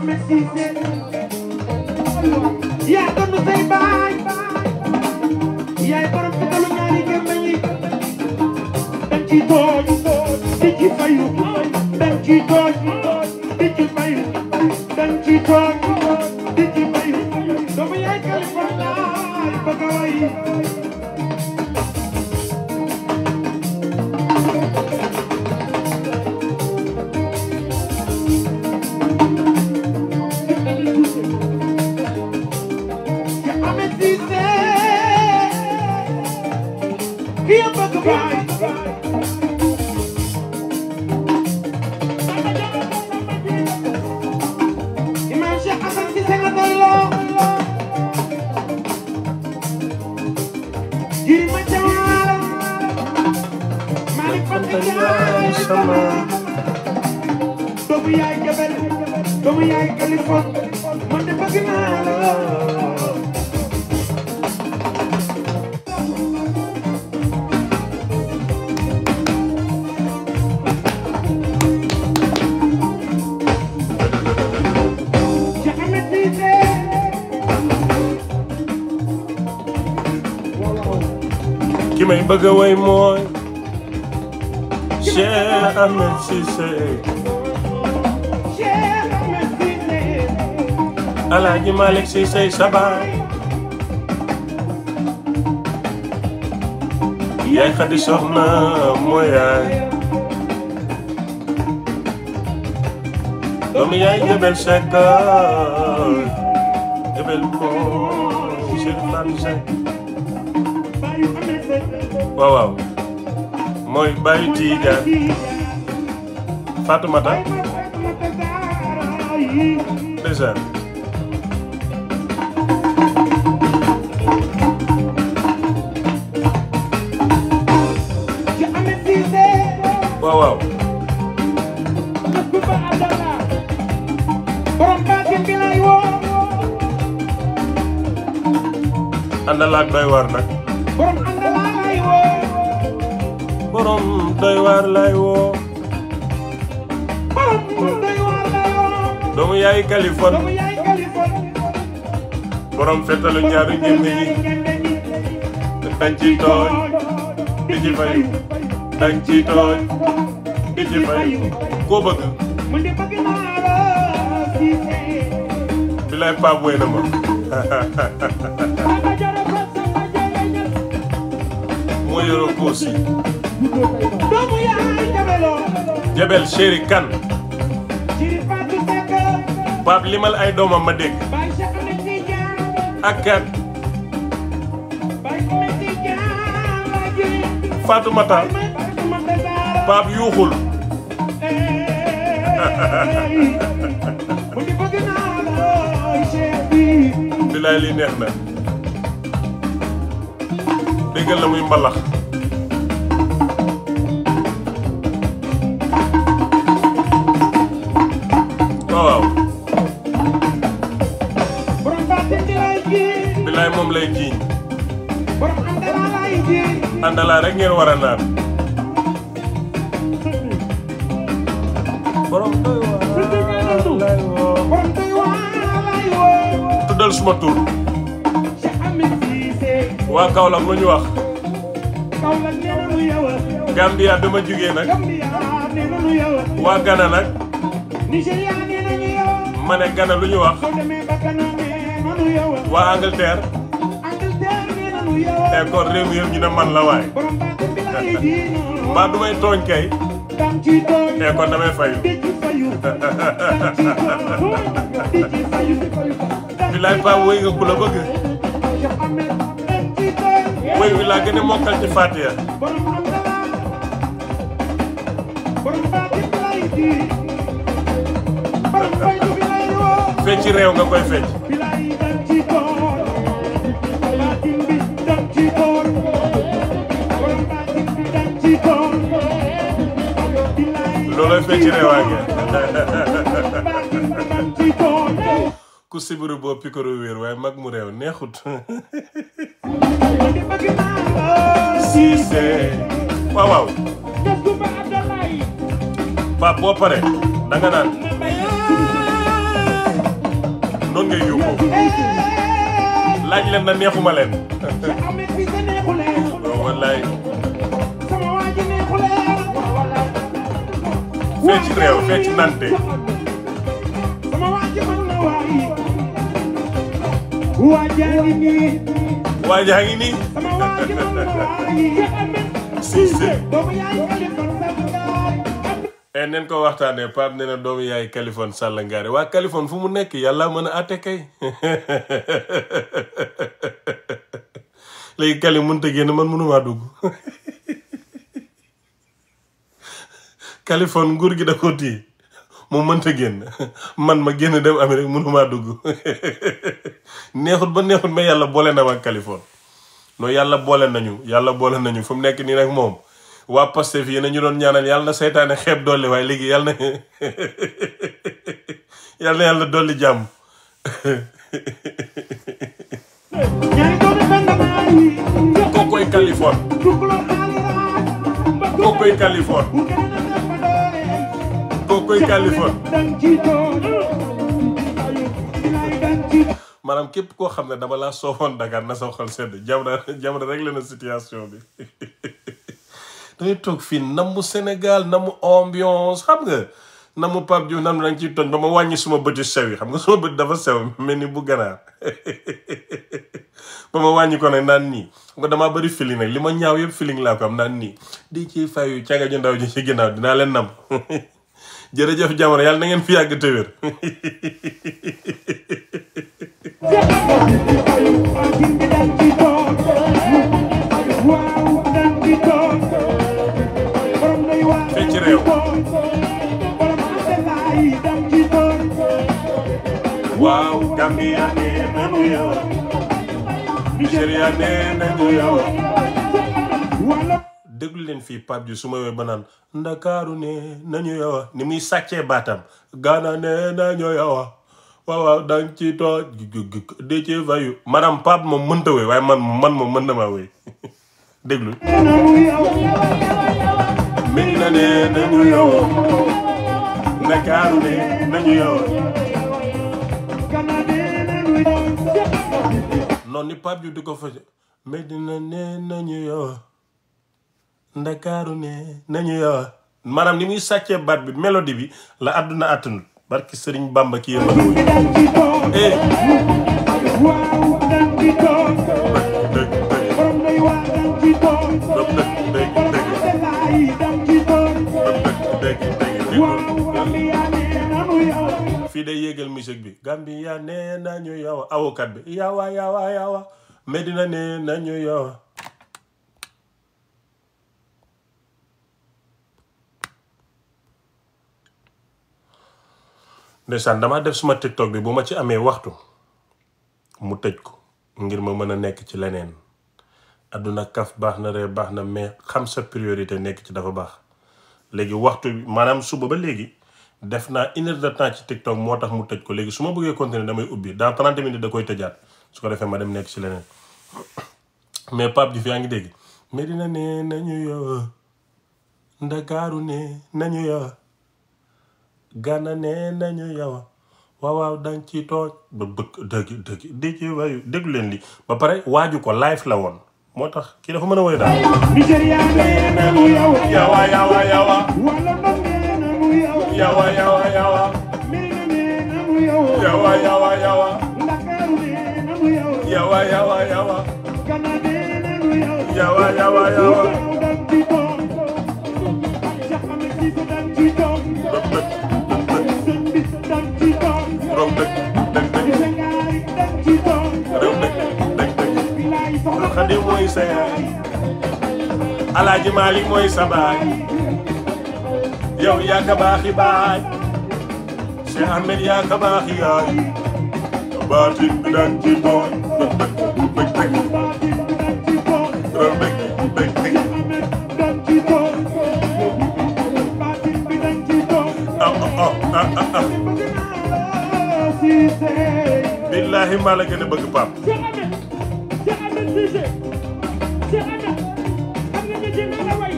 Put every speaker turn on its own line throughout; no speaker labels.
Mohamed Cissé yaa doon say baay yaay borom fi talu ñaari gémmañ yi dañ ciy tooñ dañ ciy fayu dañ ciy tooñ sama doomu yaay jabel doomu yaay kalifon man de bëgg naa la
ki may bëgg a way mooy Cheikh Ahmed Cissé Alaaji Malick Cissé Saba yaay Xadi soxna mooy yaay doomu yaay jëbel Seck jëbel ko Sylvane Seck waaw waaw mooy Fatoumata ndeysaan waaw waaw àndalaak doy waar nag borom doy waar lay woo doomu yaay Kalifon borom fetalu ñaari génn yi dañ ci tooñ di ci fay dañ ci tooñ di ci fay koo bëgg bilaay Pape wéy na ma moo yoro koosi jabel chéri kan Pape limal ay doomam ma dégg. ak kat. Fatoumata. Pape yuuxul. bilaay lii neex na. déggal la muy mbalax. Abdoulaye moom lay jiiñ.
borom
Andala ngeen war a naan. borom doy suma tur. waa Kaolack lu ñu wax.
Kaolack lu yow
a. dama jugee nag. waa Ghana nag.
Nigéria nee lu ñu wax.
waa Angleterre te kon réew mi yëpp ñu ne man la waay mbaa du may tooñ kay te eh, kon damay fayu bilaay paa wëy nga ku la bëgg wëy wi laa gën a mokkal ci Faatiha fecc réew nga koy fecc looy fecc ne ku sibiru boo pikaru wéer waaye eh, mag mu réew neexut siise waaw waaw boo pare da nga naan noonu ngay yóbboo leen na neexuma leen oh, wallaay fecc réew ngi nii waajaa ngi nii si e eh, neen ko waxtaanee Pape nee doomu yaay Kaliphone Sall waa Kaliphone fu mu nekk yàlla mën a àtte kay léegi Kali mënta génn man mënumaa dugg Californie nguur gi da ko téye mu mënta génn man ma génn dem Amérique mënumaa dugg neexut ba neexut mais yàlla boole na ma yàlla boole nañu yàlla boole nañu fu mu nekk nii rek moom waa Pastef yi na ñu doon ñaanal yàlla na seytaane xeeb dolli waaye léegi yàlla na yàlla na yàlla jàmm koy kàllifa maanaam képp koo xam ne dama laa soofoon Dakar na sa xol sedd Jamra Jamra rek la na bi dangay toog fii namu Sénégal namu ambiance xam nga namu Pape Diouf nam danga ciy tooñ ba ma wàññi suma bëti sew yi xam nga suma bët dafa sew mel ni bu ganaar ba ma wàññi ko nag naan nii nga damaa bari feeling nag li ma ñaaw yëpp feeling laa ko am naan nii di ciy fayu càgga ju ndaw ji ci ginnaaw dinaa leen nam jërëjëf jamono yàlla na ngeen fi yàgg téwér waaw Gambia nee nañu yow Nigeria nee nañu yow déglu leen fii Pape Diouf suma ma ba naan ndakaaru ne nañu yowa ni muy sàccee baatam gaana ne nañu yowa waaw dang ci too dé cee vayu maanaam Pape moom mënta woy waaye man man moom mën na maa woy déglu mi ne nañu yowa ndakaaru ne ni Pape Diouf di ko fas Medina ne nañu yowa ndakaaru ne nañu yowa maanaam ni muy sàccee baat bi mélodie bi la àdduna àttanut barki sëriñ bàmba ki yéen eh. fii day yéegal musique bi Gambia yawa yawa yawa Medina nee nañu yowa ndeysaan damaa def suma tiktok bi bu ma ci amee waxtu mu tëj ko ngir ma mën a nekk ci leneen àdduna kaf baax na ree baax na mais xam sa priorité nekk ci dafa baax léegi waxtu maanaam suba ba léegi def naa une heure de ci tiktok moo tax mu tëj ko léegi su ma bëggee continuer damay ubbi dans trente minutes da koy tëjaat su ko defee ma dem nekk ci leneen mais Pape Diouf yaa ngi dégg Medina ne nañu yo Ndakaaru ne nañu yo gana nee nañu yow waaw dañ ci tooñ ba bëgg dëgg dëgg di leen li ba pare waaju ko live la woon moo tax kii dafa mën a woy daal Nigéria nee nañu yawa yawa yawa yawa
yawa
yawa yawa yawa
yawa yawa yawa
yawa yawa yawa yawa
Xaadim mooy sa yaay Alaaji Maalik mooy sa baay yow yaa ka baaxi baay Cheikh Ahmed yaa bi
daan ci tooñ
ah, ah, ah, billaahi maa la gën a bëgg pap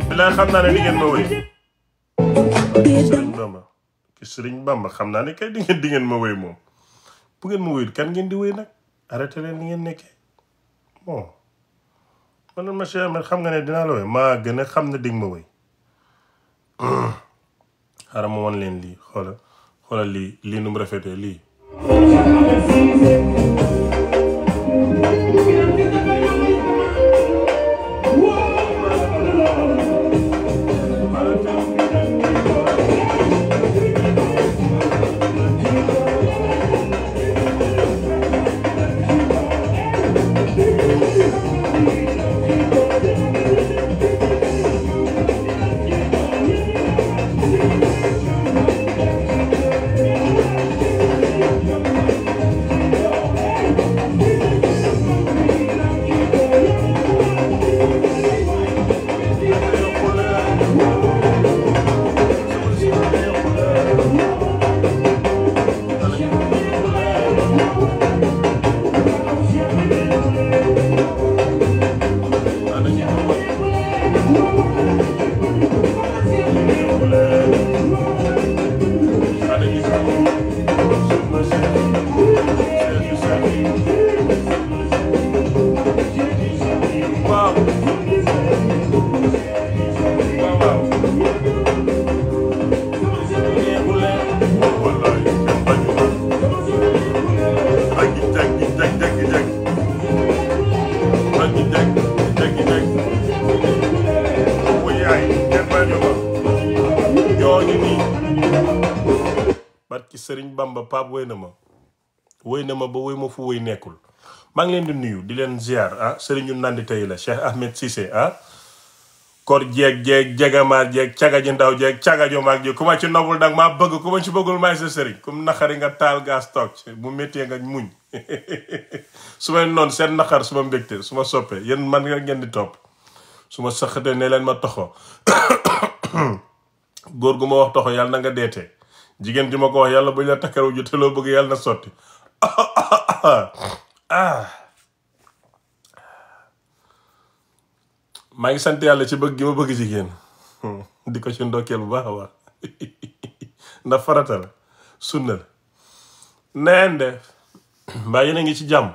billaahi xam naa ne di ngeen ma wéy
sëriñ Bamba sëriñ Bamba xam naa ngeen di ngeen ma moom bu ngeen ma wéyul kan ngeen di wéy nag arrêté leen ni ngeen nekkee bon man na monsieur Ahmed xam nga ne dinaa la wéy maa gën a xam ne dig ma wéy xaaral ma wan leen lii xoolal xoolal lii lii nu mu rafetee lii Thank you. sëriñ Bamba Pape wéy na ma wéy na ma ba wéy ma fu wéy nekkul maa ngi leen di nuyu di leen ziar ah sëriñu nandi tey la Cheikh Ahmed Cissé ah kor jeeg jeeg jegamaar jeeg caga ji ndaw jeeg caga jo maag jeeg ku ma ci nobul nag maa bëgg ku ma ci bëggul maay sa sëriñ comme naxari nga taal gaas toog bu mettee nga muñ su may noon seen naxar su ma mbégte su ma soppee yéen man nga ngeen di topp su ma sëqatee ne leen ma toxo góor gu ma wax toxo yàlla na nga deetee jigéen ji ma ko wax yàlla bu ñu la takkaru te loo bëgg yàlla na sotti maa ngi sant yàlla ci bëgg gi ma bëgg jigéen di ko ci ndokkeel bu baax a baax ndax farata sunna la neen de mbaa yéen a ngi ci jàmm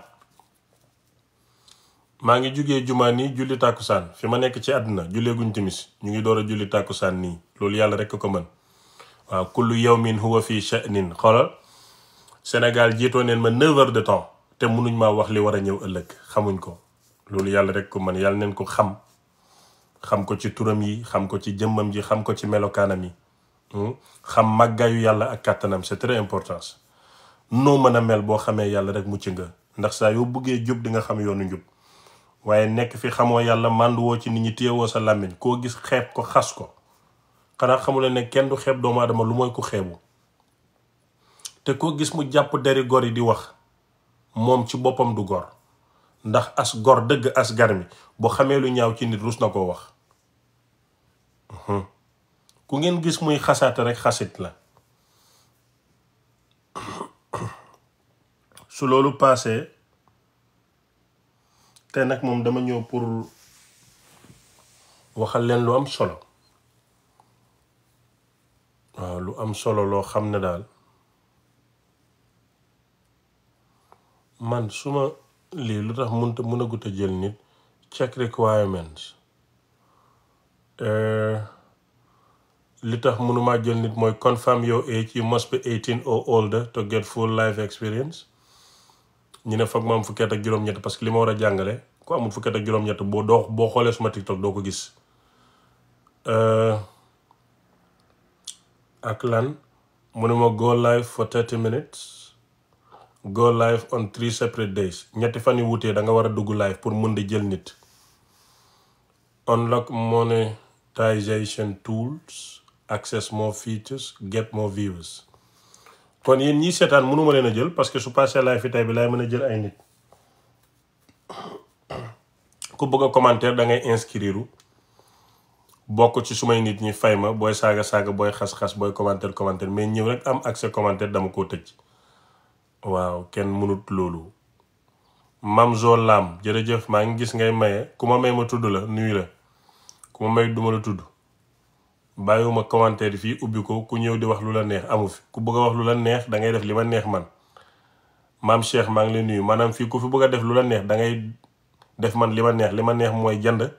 maa ngi jugee jumaa nii julli tàkkusaan fi ma nekk ci àdduna jullee guñ timis ñu ngi door a julli tàkkusaan nii loolu yàlla rekk ko mën waaw kullu yawmin huwa fi sha'nin xoolal Sénégal jiitoo neen ma 9 heures de temps te mënuñ maa wax li war a ñëw ëllëg xamuñ ko loolu yàlla rek ko man yàlla neen ko xam xam ko ci turam yi xam ko ci jëmmam ji xam ko ci melokaanam yi hmm? xam màggaayu yàlla ak kàttanam c'est très important noo mën a mel boo xamee yàlla rek mucc nga ndax saa yoo buggee jub di nga xam yoonu njub waaye nekk fi xamoo yàlla mànduwoo ci nit ñi téyewoo sa làmmiñ koo gis xeeb ko xas ko xanaa xamuleen ne kenn du xeeb doomu aadama lu mooy ku xeebu te koo gis mu jàpp deri gor yi di wax moom ci boppam du gor ndax as gor dëgg as garmi bu xamee lu ñaaw ci nit rus na koo wax ku ngeen gis muy xasaate rek xasit la su loolu paasee te nag moom dama ñëw pour waxal leen lu am solo waaw lu am solo loo xam ne daal man suma lii lu tax mun mënta mën a gut a jël nit check requirements eh, li tax mënumaa jël nit mooy confirm your age you must be eighteen or older to get full life experience ñu ne foog ma am fukki at juróom-ñett parce que li ma war a jàngale ku amul fukki at ak juróom-ñett boo doo boo xoolee suma TikTok doo ko gis eh, ak lan mu ne ma go live for 30 minutes go live on three separate days ñetti fan yu wuutee da nga war a dugg live pour mun di jël nit unlock monetization tools access more features get more viewers kon yéen ñi seetaan mënuma leen a jël parce que su passé live fi tey bi laay mën a jël ay nit ku bëgg a commentaire da ngay inscrire bokk ci sumay nit ñi fay ma booy saaga saaga booy xas-xas booy commentaire commentaire mais ñëw rek am accès commentaire dama koo tëj waaw kenn mënut loolu mam zo lam jërëjëf maa ngi gis ngay maye ku ma may ma tudd la nuyu la ku ma may duma la tudd bàyyiwuma commentaire fii ubbi ko ku ñëw di wax lu la neex amu fi ku bëgg a wax lu la neex dangay def li ma neex man maam Cheikh maa ngi lay nuyu maanaam fii ku fi bëgg a def lu la neex da ngay def man li ma neex li ma neex mooy jënd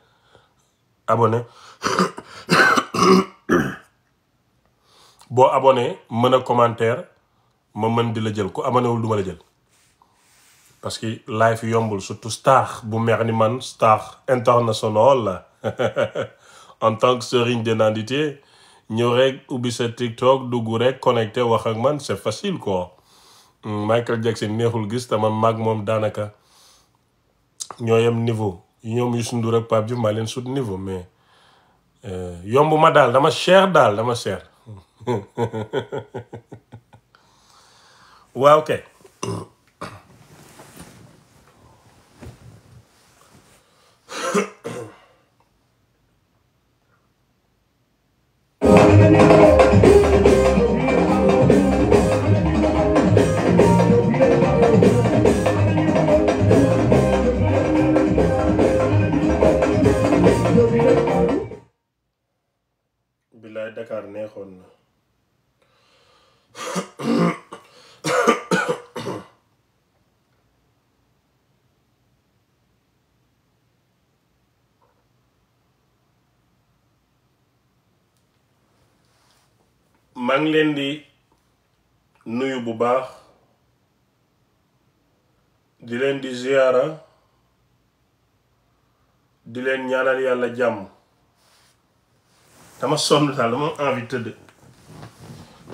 abonné boo abonné mën a commentaire ma mën di la jël ku abonnéwul du la jël parce que live yombul surtout star bu meex ni man star international la en tant que serigne de nandité ñëw rek ubbi sa TikTok dugg rek connecté wax ak man c'est facile quoi hmm, Michael Jackson neexul gis te man moom daanaka ñoo yem niveau ñoom Youssou Ndour ak Pape Diouf maa leen sut niveau Euh, yombu ma daal dama cher daal dama cher waaw kay maa ngi leen di nuyu bu baax di leen di ziyaara di leen ñaanal yàlla jàmm dama sonn daal dama envie tëdd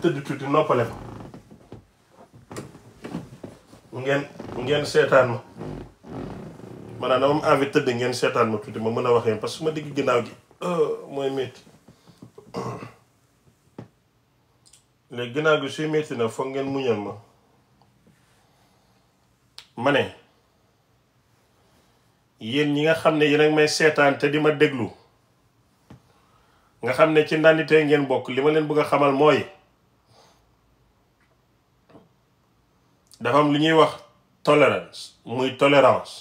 tëdd tuuti noppale ko ngeen ngeen seetaan ma maanaam dama envie tëdd ngeen seetaan ma tuuti ma mën a waxee parce que ma digg ginnaaw gi oh, mooy métti léegi ginnaaw gi suy metti na foog ngeen muñal ma ma ne yéen ñi nga xam ne yéen ak may seetaan te di ma déglu nga xam ne ci ndanditee ngeen bokk li ma leen bëgg a xamal mooy dafa am lu ñuy wax tolérance muy tolerance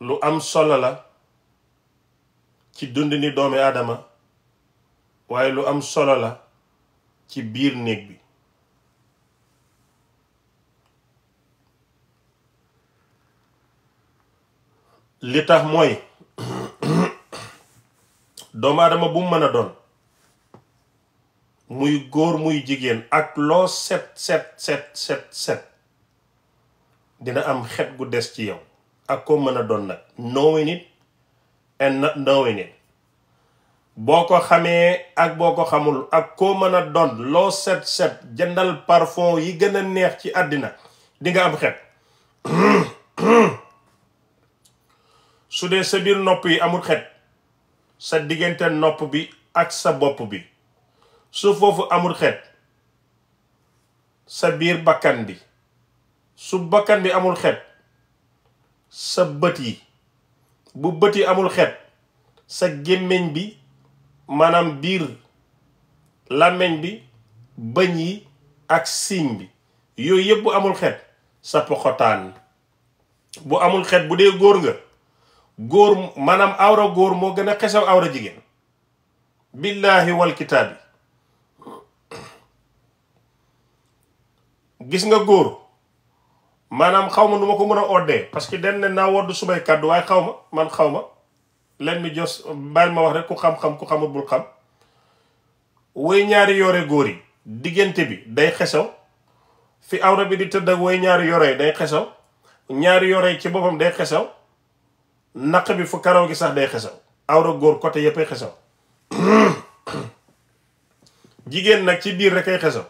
lu am solo la ci dund ni doomi aadama waaye lu am solo la ci biir néeg bi li tax mooy doomu aadama bu mën a doon muy góor muy jigéen ak loo set set set set dina am xet gu des ci yow ak koo mën a doon nag knowing it and not knowing it boo ko xamee ak boo ko xamul ak koo mën a doon loo set set jëndal parfum yi gën a neex ci àddina dinga am xet su dee sa biir nopp yi amul xet sa diggante nopp bi ak sa bopp bi su foofu amul xet sa biir bakkan bi su bakkan bi amul xet sa bët yi bu bët yi amul xet sa gémmiñ bi maanaam biir làmmeñ bi bëñ yi ak siiñ bi yooyu yëpp bu amul xet sa poxotaan bu amul xet bu dee góor nga góor maanaam awra góor moo gën a xesaw awra jigéen billaahi wal kitaabi gis nga góor maanaam xaw ma nu ma ko mën a oddee parce que den ne naa wodd sumay kàddu waaye xaw ma man xaw ma let bi jos bàyyil ma wax rek ku xam-xam ku xamul bul xam woy ñaari yore góor yi diggante bi day xesaw fi awra bi di tëdd ak way ñaari yore day xesaw ñaari yore ci boppam day xesaw naq bi fu karaw gi sax day xesaw awra góor côté yépp ay xesaw jigéen nag ci biir rek ay xesaw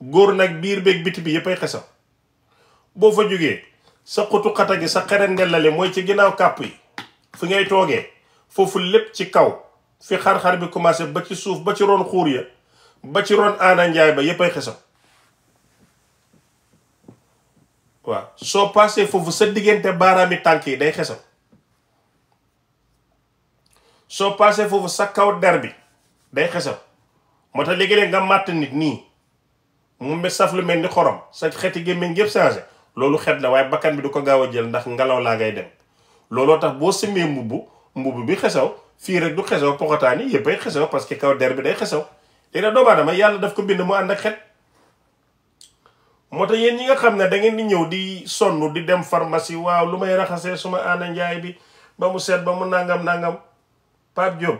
góor nag biir beeg biti bi yépp ay xesaw boo fa jógee sa xutu xata gi sa xeret ngellali mooy ci ginnaaw kàpp yi fi ngay toogee foofu lépp ci kaw fi xar-xar bi commencé ba ci suuf ba ci ron xuur ya ba ci ron aana njaay ba yépp ay xesam waaw soo paasee foofu sa diggante baaraami tànk yi day xesam soo paasee foofu sa kaw der bi day xesam moo tax léegi-léeg nga màtt nit nii mu mel saf lu mel ni xorom sa xeti gémmiñ yëpp changé loolu xet la waaye bakkan bi du ko gaaw a jël ndax ngelaw laa ngay dem looloo tax boo sëmmee mbubb mbubb bi xesaw fii rek du xesaw poxotaan yi yëpp ay xesaw parce que kaw der bi day xesaw léegi nag doomu aadama yàlla daf ko bind mu ànd ak xet moo tax yéen ñi nga xam ne da ngeen di ñëw di sonn di dem pharmacie waaw lu may raxasee suma aana njaay bi ba mu seet ba mu nangam nangam Pape Diop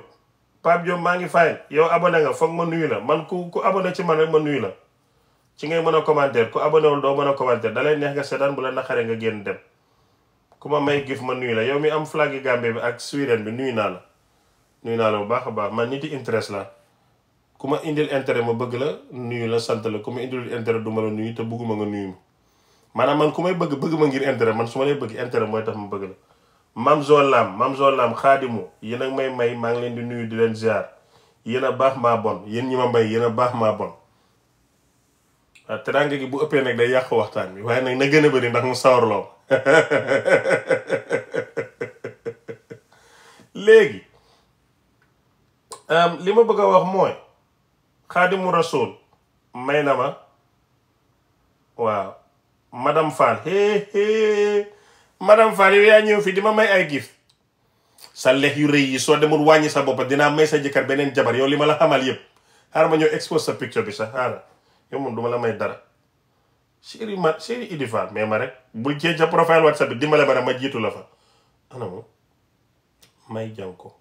Pape Diop maa ngi fayal yow abonné nga foog ma nuyu la man ku ku abonné ci man rek ma nuyu la ci ngay mën a commentaire ku abonné doo mën a commentaire da lay neex nga seetaan bu dem. ku ma may gif ma nuyu la yow mi am flag yi Gambie bi ak Sweden bi nuyu naa la nuyu naa la bu baax a baax man nit yi intérêt la ku ma indil intérêt ma bëgg la nuyu la sant la ku ma indil intérêt du ma la nuyu te bëgguma nga nuyu ma maanaam man ku may bëgg bëgg ma ngir intérêt man su ma lay bëgg intérêt mooy tax ma bëgg la mam zolaam mam zolaam xaadimu yéen a may may maa ngi leen di nuyu di leen ziar yéen a baax maa bon yéen ñi ma may yéen a baax maa bon Ah, teraanga gi bu ëppee nag day yàq waxtaan bi waaye nag na gën a bari ndax mu sawarloo léegi li ma bëgg a wax mooy xaadimu rasul may na ma waaw madam Fall hee hee madame Fall yow yaa ñëw fii di ma may ay gif sa lex yu rëy yi soo demul wàññi sa bopp dinaa may sa jëkkër beneen jabar yow li ma la xamal yëpp xaaral ñëw expose sa picture bi sax xaaral yow moom duma la may dara chéri ma chéri Idi Fall mais ma rek bu jee ca profil whatsapp bi dimbale ma ma jiitu la fa ana moom may jànko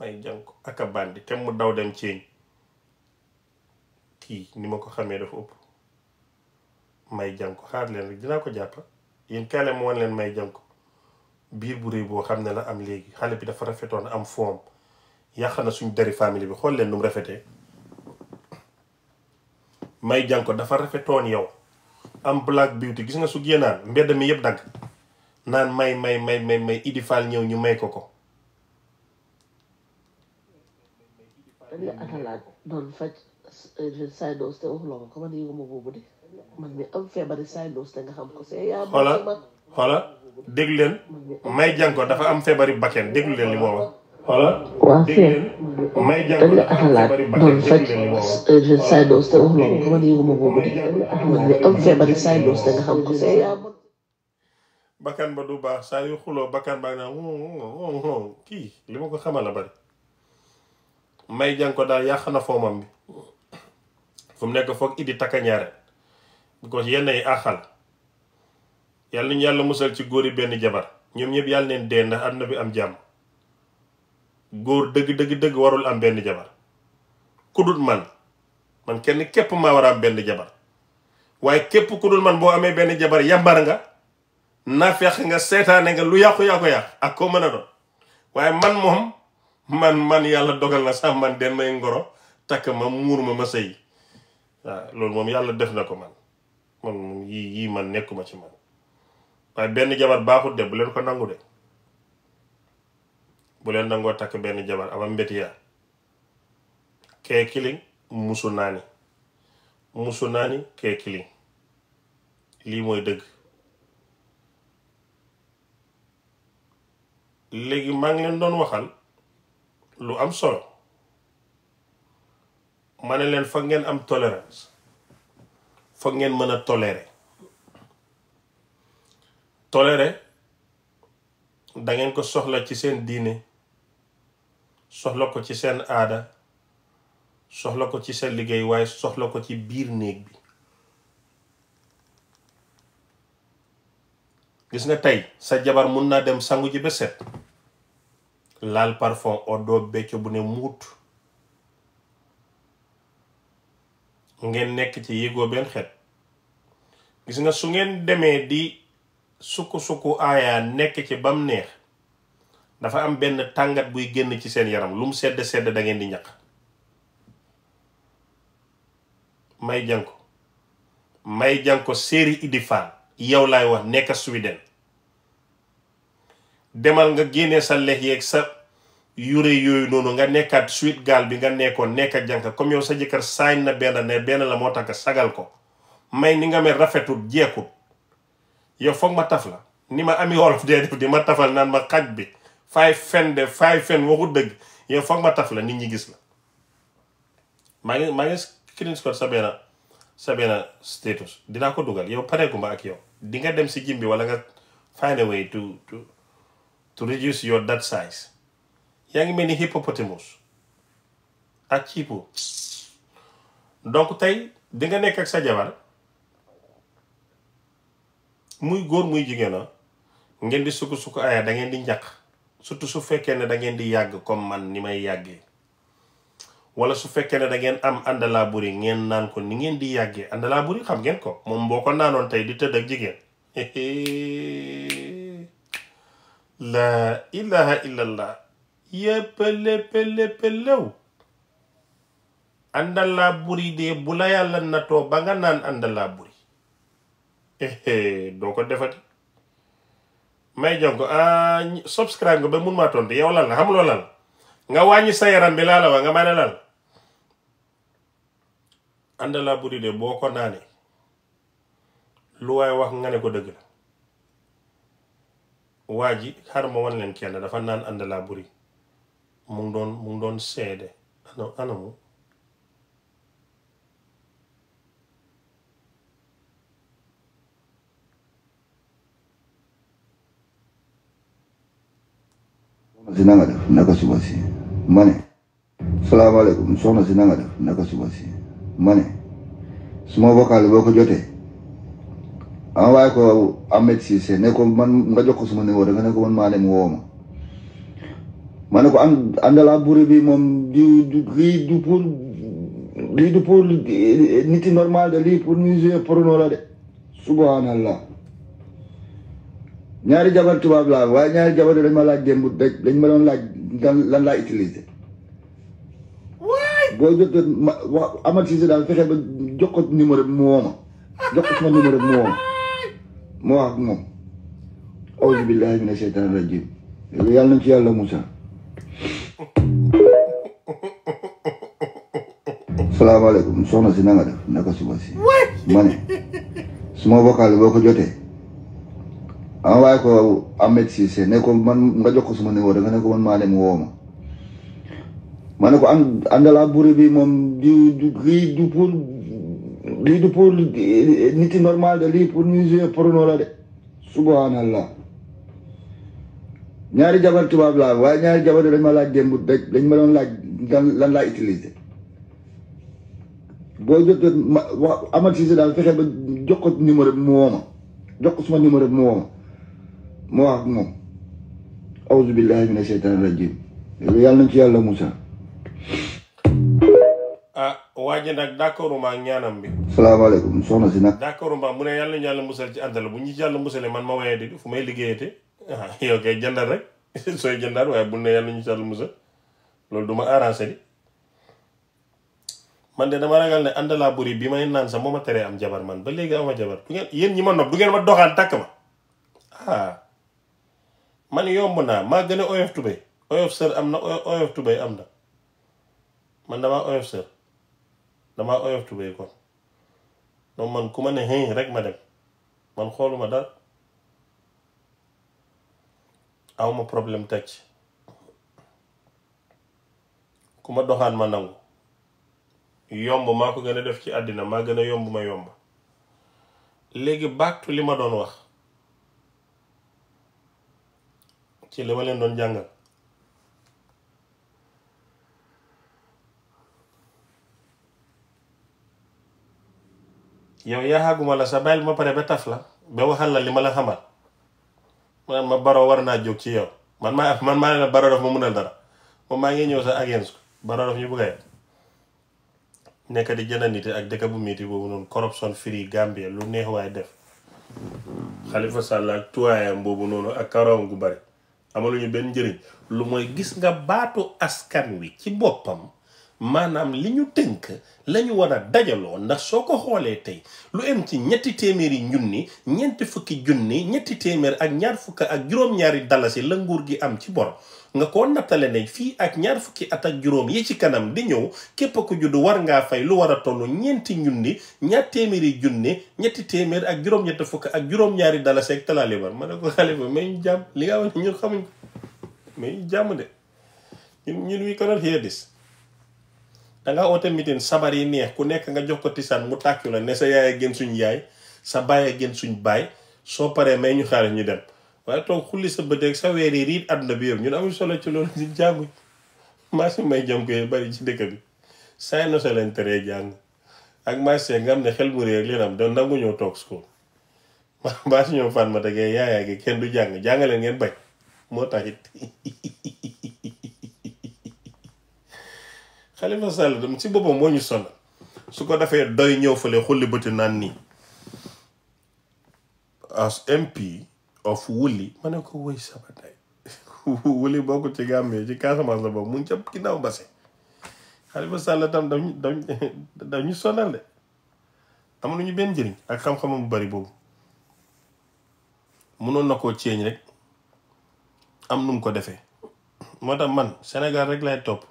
may jànko ak a bandi te mu daw dem ceeñ kii ni ma ko xamee dafa ëpp may jànko xaar leen rek dinaa ko jàpp yéen kaale mu leen may jànko biir bu réy boo xam ne la am léegi xale bi dafa rafetoon am foom yàq na suñ dari famille bi xool leen nu rafetee may jàng ko dafa rafetoon yow am black beauty gis nga su génnaan mbedd mi yëpp dagg naan may may may may may Idi ñëw ñu may ko ko.
doon faj saydoos te waxuloo ma am feebari saydoos te nga xam ko see yaa
leen may jàng ko dafa am feebari bakken déglu leen li moo waa fii dañ la xalaat euh, baax saa yu kii li ma ko xamal may jàng ko daal yàq na foomam bi fu mu nekk foog idi takka ñaare bu ko yi àqal yàlla ñu yàlla musal ci góori benn jabar ñoom ñëpp yàlla neen dee ndax àdduna bi am jàmm góor dëgg dëgg dëgg warul am benn jabar ku dul man man kenn képp maa war am benn jabar waaye képp ku dul man boo amee benn jabar yàmbar nga nafeq nga seetaane nga lu yàqu yàqu yàq ak koo mën a doon waaye man moom man man yàlla dogal na sax man den may ngoro takk ma muur ma ma sëy loolu moom yàlla def na ko man man yii man nekkuma ci man waaye benn jabar baaxut de bu leen ko nangu de bu leen nangoo takk benn jabar aba mbetiya kee kiling musu naani musu naani kee kiling lii mooy dëgg léegi maa ngi leen doon waxal lu am solo ma ne leen foog ngeen am tolérance foog ngeen mën a tolérer tolérer dangeen ko soxla ci seen diine soxla ko ci seen aada soxla ko ci seen liggéey waaye soxla ko ci biir néeg bi gis nga tey sa jabar mun naa dem sangu ji ba set laal parfum oddoo becco bu ne muut mu ngeen nekk ci yégoo benn xet gis nga su ngeen demee di sukku sukku aaya nekk ci bam neex dafa am benn tàngat buy génn ci seen yaram lu mu sedd sedd da ngeen di ñaq may janko may janko séeri Idi Fall yow laay wax nekk Sweden demal nga génnee sa lex yéeg sa yure yooyu noonu nga nekkaat suite gaal bi nga nekkoon nekk ak jànk comme yow sa jëkkër saañ na benn ne benn la moo tax nga sagal ko may ni nga mel rafetut jeekut yow foog ma taf la ni ma ami wolof dee def di ma tafal naan ma xaj bi faay fen de faay fen waxut dëgg yow foog ma taf la nit ñi gis la maa ngi maa ngi screen shot sa benn sa benn status dinaa ko dugal yow pareeguma ak yow di dem si gym bi wala nga find a way to to to reduce your that size yaa ngi mel ni hippopotamus ak ciipu donc tey dinga nekk ak sa jabar muy góor muy jigéen a ah. ngeen di sukk sukk aaya da ngeen di njaq surtout su fekkee ne da ngeen di yàgg comme man ni may yàggee wala su fekkee ne da ngeen am àndalaa buri ngeen naan ko ni ngeen di yàggee àndalaa buri xam ngeen ko moom boo ko naanoon tey di tëdd ak jigéen laa ilaha illallah yëppale pele pelew àndalaa buri de bu la yàlla na toog ba nga naan àndalaa buri doo ko defati may jonko ah subscribe nga ba mun maa tontu yow lan la xamuloo lan nga wàññi sa yaram bi laa la wax nga maa ne lan ànd laa buri de boo ko naane lu waaye wax nga ne ko dëgg la waa ji xar ma wan leen kenn dafa naan ànd laa buri mu ngi doon mu doon seede ana anamu
soxna si na nga def naka suba si ma ne salaamaaleykum soxna si na nga def naka si ma ne suma vocal boo ko jotee envoyé ko Ahmed Cissé ne ko man nga jox ko suma numéro nga ne ko man maa dem woo ma ne ko am àndala buri bi moom du du lii du du pour eh, nit normal de lii pour ñu jouer de subhanallah ñaari jabar tubaab laa waaye ñaari jabar dañ ma laa démb dañ ma doon laaj lan laa utilise waay boo jotee ma wax Amath Cissé daal fexe ba jox ko numéro bi mu woo ma jox numéro bi mu woo ma ma wax ak moom. auzu billahi mina sheytaani rajim yàlla nañ ci yàlla Moussa. salaamaaleykum soxna si na nga def naka suba si. ma ne suma vocal boo ko jotee. envoyé ko Ahmed Cissé ne man nga jox ko suma numéro nga ne ko man maa dem woo ma ne ko an àndalaa buri bi moom du du lii du pour lii du pour eh, nit yi normal de lii pour ñu jouer porno la de subhanallah ñaari jabar tubaab laa waaye ñaari jabar dañ ma laaj démb dañ ma doon laaj lan laa utiliser boo jot ma amal si daal fexe ba jox ko numéro bi mu woo jox ko suma numéro bi mu woo moo wax moom awuzu billahi mina seytaan rajim yàlla nañ ci yàlla Moussa
ah waa ji nag d'accorduma ak ñaanam bi
salaamaaleykum
soxna si nag d'accorduma mu ne yàlla ñu yàlla musal ci àddala bu ñu yàlla musale man fu may liggéeyate ah, yow kay jëndal rek sooy jëndaat waaye bu ne yàlla ñu ci yàlla musal loolu du ma arrangé di man de dama ragal ne àndalaa buri bi may naan sax moo ma teree am jabar man ba léegi ama jabar du ngeen yéen ñi ma nopp du ngeen ma doxaan takk ma ah. man yomb naa maa gën a oyof tubéy oyof sër am na oyof tubéy am na man damaa oyof sër damaa oyof tubéy kon donc man ku ma ne xëy rek ma dem man xooluma dara awma problème teg ci ku ma doxaan ma nangu yomb maa ko gën a def ci àddina maa gën a yomb ma yomb léegi back to li ma doon wax ci li ma leen doon jàngal yow yaa xàgguma la sa bàyyil ma pare ba taf la ba waxal la li ma la xamal ma ma baro war naa jóg ci yow man maa man maa ne baro daf ma mënal dara moom maa ngi ñëw sa agence ko baro daf ñu bëgg a yem nekk di jëndante ak dëkk bu métti boobu noonu corruption free Gambia lu neex waay def Halifa Sallah ak tuwaayam boobu noonu ak karawam gu bari amaluñu benn njëriñ lu mooy gis nga baatu askan wi ci boppam maanaam li ñu tënk la ñu war a dajaloo ndax soo ko xoolee tey lu em ci ñetti téeméeri junni ñeenti fukki junni ñetti téeméer ak ñaar fukk ak juróom-ñaari dalasi la nguur gi am ci bor nga ko nattale ne fii ak ñaar fukki at ak juróom yi ci kanam di ñëw képp ku juddu war ngaa fay lu war a toll ñeenti ñunni ñaar téeméeri junni ñetti téeméer ak juróom-ñett fukk ak juróom-ñaari dalasi ak talaaliban ma ne xalifa may ñu jàmm li nga wax ne ñun xamuñ ko may ñu jàmm de ñun ñun we cannot hear this danga oote mitin sabar yi neex ku nekk nga jox ko tisaan mu tàkku la ne sa yaay a gën suñ yaay sa baay a gën suñ baay soo paree may ñu xaalis ñu dem waaye toog xulli sa bët ak sa weer riit àdduna bi yëpp ñun amul solo ci loolu ñun jànguñ marché may jëm koy bari ci dëkk bi saa no sa leen teree jàng ak marché nga xam ne xel bu rëy ak leenam da nangu ñoo toog school marché ma tegee yaayaa gi kenn du jàng jàngaleen ngeen bañ moo taxit Xalifa Sall dem ci boppam moo ñu sonal su ko defee doy ñëw fële xulli bëti naan nii as MP of wuli ma ne ko wëy sama day wuli bokk ci Gambie ci Casamance la boobu mu ngi ca ginnaaw Basse Halifa Sall tam dañu dañu dañu sonal de amuñu benn njëriñ ak xam-xamam bu bari boobu mënoon na koo ceeñ rek am nu mu ko defee moo tax man Sénégal rek lay topp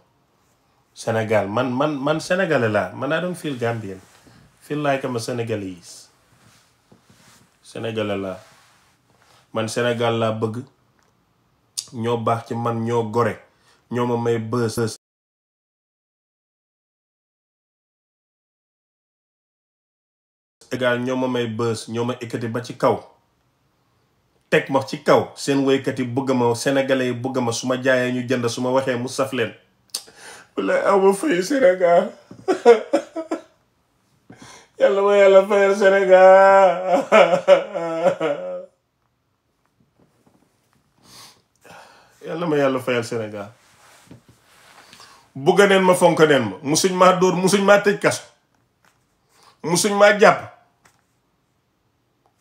Sénégal man man man sénégalais laa man I don't feel Gambian feel like I'm a Senegalese laa man senegaal laa bëgg
ñoo baax ci man ñoo gore ñoo ma may bës
Sénégal ñoo ma ekkati ba ci kaw teg ma ci kaw seen woykat yi bëgg ma sénégalais yi bëgg ma su ma jaayee ñu jënd suma waxee mu saf leen walla aw ma fay Sénégal yàlla ma yàlla fayal Sénégal yàlla ma yàlla fayal Sénégal bugga neen ma fonk neen ma musuñ maa dóor musuñ maa tëj kaso musuñ maa jàpp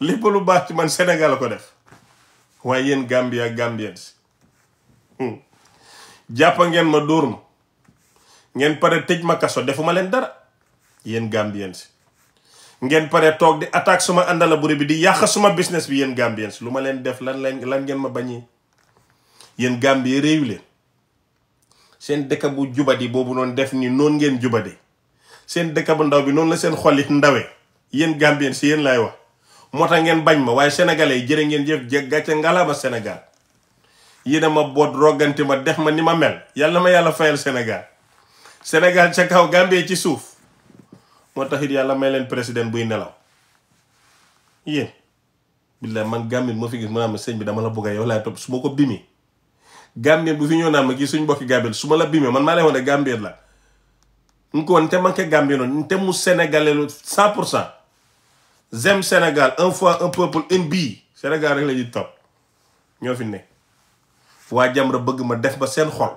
lépp lu baax ci man senegal a ko def waaye yéen Gambia Gambien si hmm. jàpp ngeen ma dóor ma ngeen pare tëj ma kaso defu ma leen dara yéen Gambien si ngeen pare toog di attaque suma àndala buri bi di yàq suma business bi yéen Gambien si lu ma leen def lan lan ngeen ma bañee yéen Gambie réew leen seen dëkk bu jubat yi boobu noonu def ni noon ngeen jubadi seen dëkk bu ndaw bi noonu la seen xolit ndawe yéen Gambien si yéen lay wax moo tax ngeen bañ ma waaye sénégalais yi ngeen jëf gàcce ngalaama Sénégal yéen a ma boot def ma ni ma mel yàlla ma yàlla fayal Sénégal Sénégal ca kaw Gambie ci suuf moo tax yàlla may leen président buy nelaw yéen billaay man Gambie moo fi gis mu naan ma sëñ bi dama la bëgg yow laay topp su ma ko bimi gambien bu fi ñëw naan ma kii suñ mbokki gambien su ma la bimee man maa lay ne gambien la nko nte manqué gambien noonu nte mu sénégalais lu cent pour cent un fois un peuple une bi sénégal rek la ñuy ñoo fi ne waa Jamra bëgg ma def ba seen xol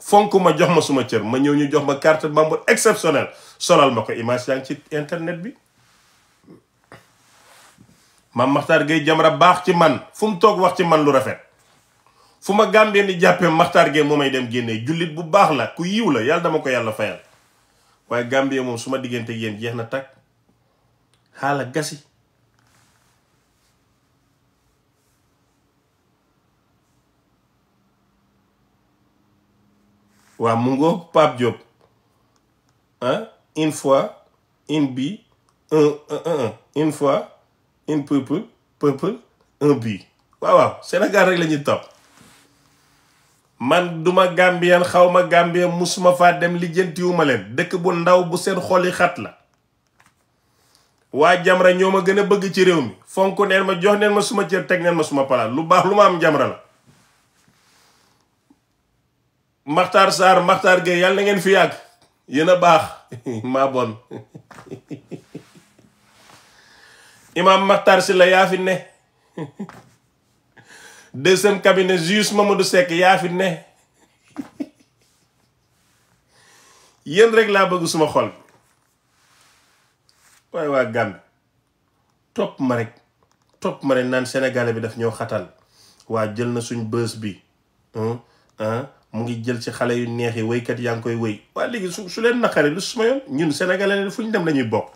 fonk ma jox ma suma cër ma ñëw ñu jox ma carte membre exceptionnel solal ma ko image ci internet bi Mame Makhtar Gueye Jamra baax ci man fu mu toog wax ci man lu rafet fu ma gàmbee ni jàppee maxtaar gee moo may dem génnee jullit bu baax la ku yiw la yàlla dama ko yàlla fayal waaye gàmbee moom su ma diggante yéen jeex na takk xaala gasi waaw mu ngoo Pape Diop ah, fois une bi un fois une peuple peuple un bi waaw waaw Sénégal rek la topp man duma gambien ma gambien musuma faa dem lijjantiwuma leen dëkk bu ndaw bu seen xoli xat la waa jamra ñoo ma gën a bëgg ci réew mi fonk neen ma jox neen ma suma cër teg neen ma suma palaan lu baax lu ma am jamra la maxtaar saar maxtaar gay yàlla na ngeen fi yàgg yéen a baax maa bon imaam maxtaar si la yaa fi ne deuxième cabinet juge du Seck yaa fi ne yéen rek laa bëgg suma xol waaye waa Gàmbi topp ma rek topp ma rek naan sénégalais bi daf ñëw xatal waa jël na suñ bës bi mu ngi jël si xale yu neex yi wéykat yaa ngi koy wéy waa léegi su su leen naqari lu suma yoon ñun sénégalais fu ñu dem lañuy bokk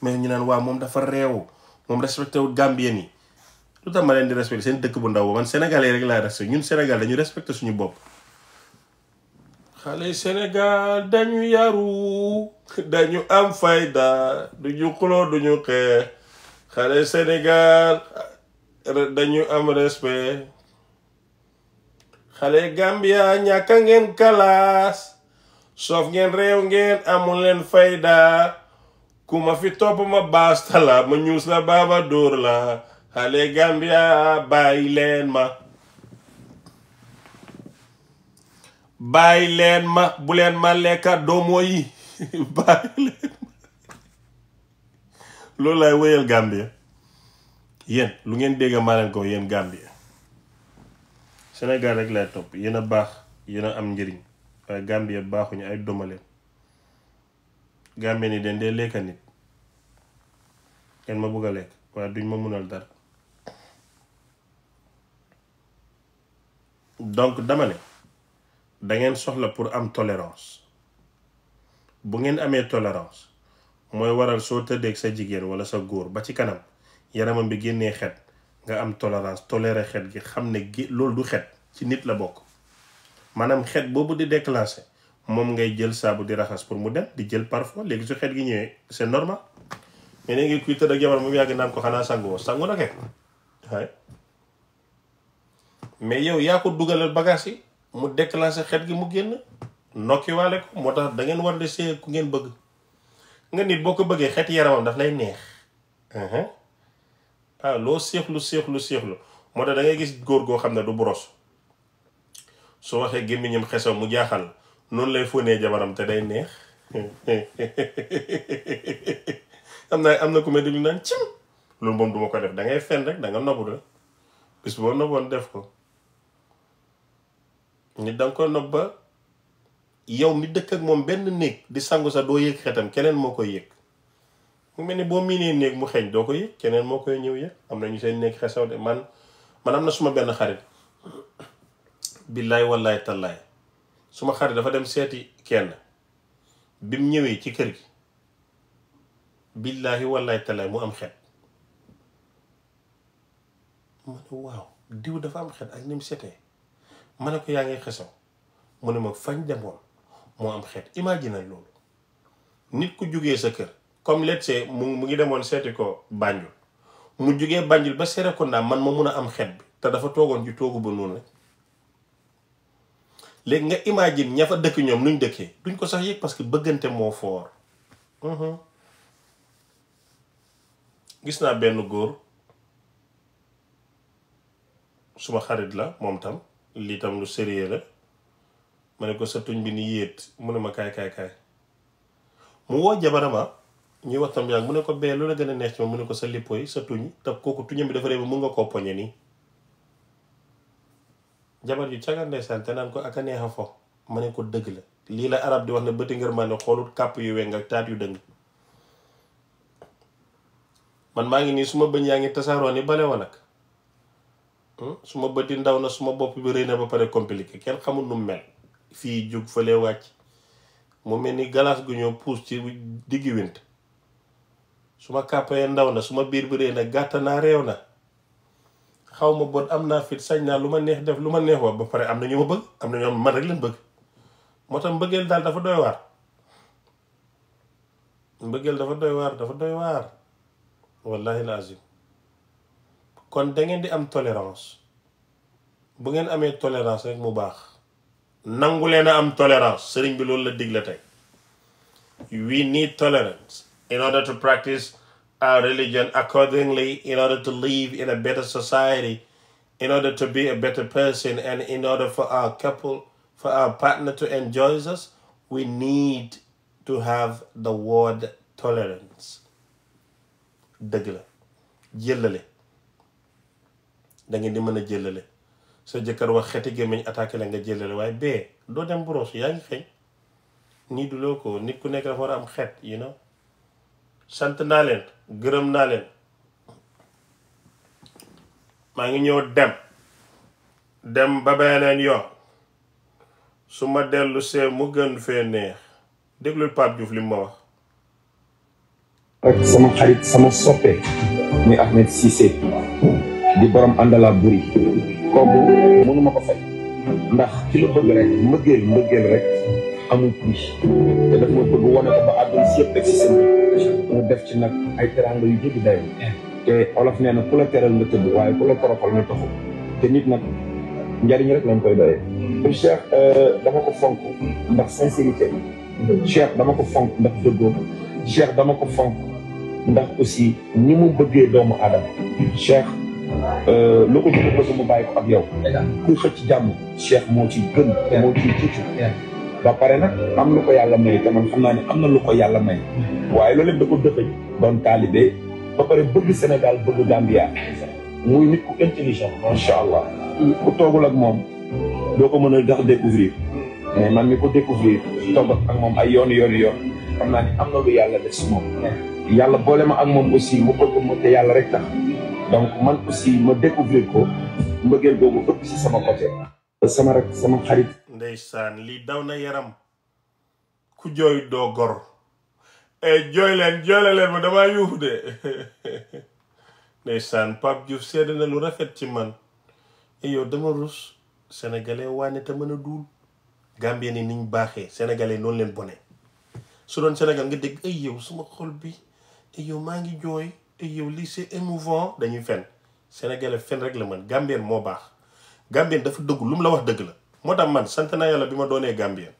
mais ñu naan waa moom dafa reewu moom respecté wul gambien yi lu tax ma leen di respecté seen dëkk bu ndaw ba man sénégalais rek laa respecté ñun Sénégal dañu respecté suñu bopp. xale Sénégal dañu yaru am respect xale Gambia ñàkka ngeen kalaas soof ngeen réew ngeen amul leen fayda ku ma fi topp ma baastala ma ñuus la baaba dóor la xale Gambia bàyyi leen ma bàyyi leen ma bu leen ma lekka doomo yi bàyyi loolu lay wéyal Gambia yéen lu ngeen dégg maa leen ko yéen Gambia Sénégal rek lay topp yéen baax yéen am njëriñ waaye Gambia baaxuñu ay domaleen Gambia ni den dee lekka nit kenn ma bëgg a lekk waaye duñ ma munal dara donc dama ne da ngeen soxla pour am tolérance bu ngeen amee tolérance mooy waral soo tëddeeg sa jigéen wala sa góor ba ci kanam yaramam bi génnee xet nga am tolérance toléré xet gi xam ne gi loolu du xet ci nit la bokk maanaam xet boobu di déclenché moom ngay jël saabu di raxas pour mu dem di jël parfois léegi su xet gi ñëwee c'est normal mais léegi kuy tëdd ak jabar mu yàgg naan ko xanaa sangu woo sangu na kay mais yow yaa ko dugalal bagage yi mu déclenché xet gi mu génn nokkiwaale ko moo tax dangeen ngeen war di see ku ngeen bëgg nga nit boo ko bëggee xet yaramam daf lay neex uh-huh. ah loo séexlu séexlu séexlu moo tax da ngay gis góor goo xam ne du boros soo waxee gémmiñam xesaw mu jaaxal noonu lay fóonee jabaram te day neex am na am na ku ma ñu naan cim loolu moom duma ko def da ngay fen rek danga nga nobbu bis boo nobboon def ko nit da nga koy ba yow mi dëkk ak moom benn néeg di sangu sa doo yëg xetam keneen moo koy yëg mu mel ni boo miinee néeg mu xeeñ doo ko yëg keneen moo koy ñëw yëg am na ñu seen néeg xesaw de man man am na suma benn xarit billaay wallaay tallaay suma xarit dafa dem seeti kenn bi mu ñëwee ci kër gi billaahi wallaay tallaay mu am xet ma waaw diw dafa am xet ak ni mu setee ma ne ko yaa ngi xesaw mu ne ma fañ demoon moo am xeet imagine loolu nit ku jugee sa kër comme let's say mu ngi demoon seeti ko Banjul mu jugee Banjul ba Serekunda man ma mun a am xeet bi te dafa toogoon ci toogu ba noonu rek léegi nga imagine ña fa dëkk ñoom nuñ dëkkee duñ ko sax yëg parce que bëggante moo foor mhm. gis naa benn góor suma xarit la moom tam lii tam lu sérieux la ma ne ko sa tuñ bi ni yéet mu ne ma kaay kaay kaay mu woo jabarama ñuy wax tam yàgg mu ne ko bee lu la gën a neex ci ma mu ne ko sa lippooy sa tuñ te kooku tuñam bi dafa réew mun nga koo poñe nii jabar ju cagar ko ak a neex a fo ma ne ko dëgg la lii la arab di wax ne bëti ngërmaane xoolut kàpp yu weng ak taat yu dëng man maa ngi nii su bëñ yaa ngi tasaaroo ni bale nag Hmm? su ma bëti ndaw na su ma bopp bi rëy na ba pare compliqué kenn xamul nu mel fii jóg fële wàcc mu mel ni galaas gu ñëw puus ci diggi wint su ma kàppayee ndaw na su ma biir bi rëy na gàtta naa réew na xaw ma bon am naa fit sañ naa lu ma neex def lu ma neex wax ba pare am na ñu ma bëgg am na ñoo man rek leen bëgg moo tax mbëggeel daal dafa doy waar mbëggeel dafa doy waar dafa doy waar wallahi lazim kon da di am tolérance bu ngeen amee tolérance rek mu baax nangu leen am tolerance sëriñ bi loolu la digle tey we need tolerance in order to practice our religion accordingly in order to live in a better society in order to be a better person and in order for our couple for our partner to enjoy us we need to have the word tolerance dëgg la da di mën a jëlale sa jëkkër wax xeti gémmiñ attaqué la nga jëlale waaye be doo dem brosse yaa ngi xëy nii du loo ko nit ku nekk dafa war a am xet you know sant naa leen gërëm naa leen maa ngi ñëw dem dem ba beneen yoon su ma dellu see mu gën fee neex déglul Pape Diouf li ma wax
ak sama xarit sama soppe ni Ahmed Cissé di borom àndalaa buri kooku mënuma ko fay ndax ci la bëgg rek mbëggeel mbëggeel rek amul prix te daf ma bëgg wane ko ba àdduna si yëpp ci seen mu def ci nag ay teranga yu jéggi dayoo te olof nee na ku la teral nga tëdd waaye ku la korofal nga taxu te nit nag njariñ rek lañ koy doyee pour Cheikh euh, dama ko fonk ndax sincérité Cheikh dama ko fonk ndax dëggoo Cheikh dama ko fonk ndax aussi ni mu bëggee doomu aadama Cheikh Euh, lu ko bëgg bëgg mu bàyyi ko ak yow. ku xëcc jàmm. cheikh moo ci gën. moo ci jiitu. ba pare nag am lu ko yàlla may te man xam naa ne am na lu yàlla may. Mm-hmm. waaye loolu da ko dëxëj. doon taalibe ba pare bëgg Sénégal bëgg Gambia. muy nit macha allah. Mm. ku toogul ak moom. doo ko mën a tax découvrir mm. mais man mi ko découvrir toog ak moom ay yoon yoon yoon xam naa ne yàlla def si moom. yàlla boole ma ak moom aussi mu bëgg ma te yàlla rek tax. donc man aussi ma découvrir
ko mbëggeel boobu ëpp si sama côté
sama rek sama xarit
ndeysaan lii daw na yaram ku jooy doo gor eh, jooy leen jooyle leen ma damaa yuuxu de ndeysaan Pape Diouf seede na lu rafet ci man eh, yow dama rus sénégalais waane te mën a duul gambien ni niñ baaxee sénégalais noonu leen bone su doon sénégal nga dégg ay eh, suma xol bi ay maa ngi jooy te yow lii c'est dañuy fen sénégalais fen rek la man gambien moo baax gambien dafa dëgg lu mu la wax dëgg la moo tax man sant naa yàlla bi ma doonee gambien